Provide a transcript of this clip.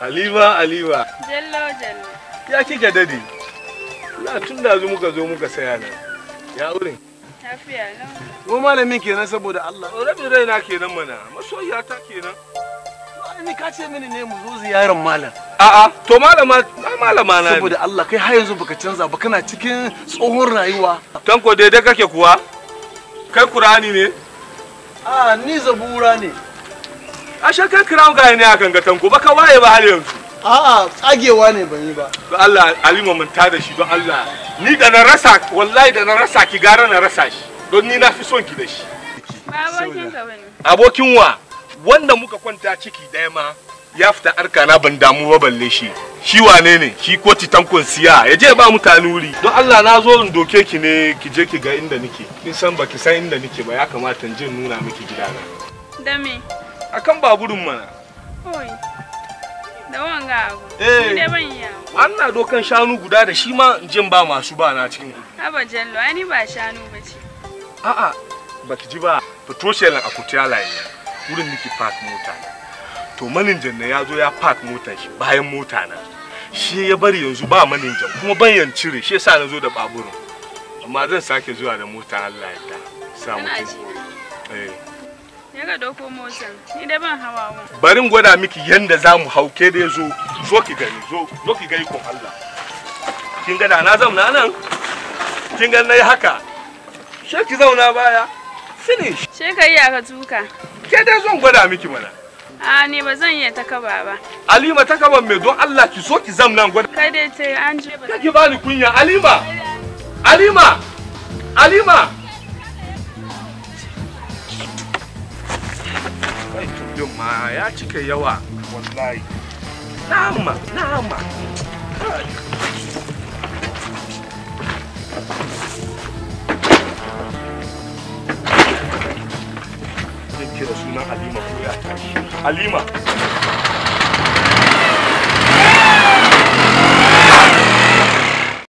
aliba aliba. jello jello. Ya kike dadi? Na tun da muka zo muka saya nan. Ya wurin? Tafiya lau. Ko malamin kenan saboda Allah. Oh, rai raina kenan mana. Masoyiya ta kenan. Ni ka ce mini ne mu zo ziyarar malam. A'a, to malama na malama na. Saboda Allah kai har yanzu baka canza ba kana cikin tsohon rayuwa. Tanko daidai kake kuwa? Kai Kur'ani ne? A ni zabura ne. ashe kai kiran ga ne akan ga tanko baka waye ba har yanzu a'a tsagewa ne ban yi ba to Allah alima mun tada shi don Allah ni da na rasa wallahi da na rasa ki gara na rasa shi don ni na fi son ki da shi abokin ka wa wanda muka kwanta ciki daya ma ya fita arka na ban damu ba balle shi shi wane ne shi ko tankon siya ya je ba mutane wuri don Allah na zo in doke ki ne ki je ki ga inda nike kin san baki san inda nike ba ya kamata in je nuna miki gidana da me akan baburin mana da wanga abu eh. ni da ban yawo an na dokan shanu guda da shi ma jin ba masu ba na cikin ku haba jallo ani ba shanu ba ce a'a baki ji ba fito shelan a kutiya wurin nake park mota to maninjan na ya zo ya park mota shi bayan mota na shi ya bari yanzu ba maninjan kuma ban yan cire shi yasa na zo da baburin amma zan sake zuwa da mota Allah ya ta samu eh ka dauko ni da ban hawa mu barin gwada miki yanda za mu hauke da zo zo ki gani zo zo ki gani kun Allah kin ga na zauna nan kin ga nayi haka she ki zauna baya finish she ka ya ka tuka ke dai zan gwada miki mana a ne ba zan iya takaba ba Alima takaban me don Allah ki so ki zamna gwada kai dai ce an je ba ki bani kunya Alima Alima Alima kudin ma ya cika yawa wallahi nama nama zai kira sunan halima ko ya tashi halima